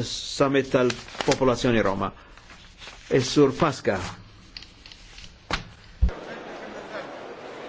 summit tal-popolazzjoni Roma. Is-Sur e Pasqa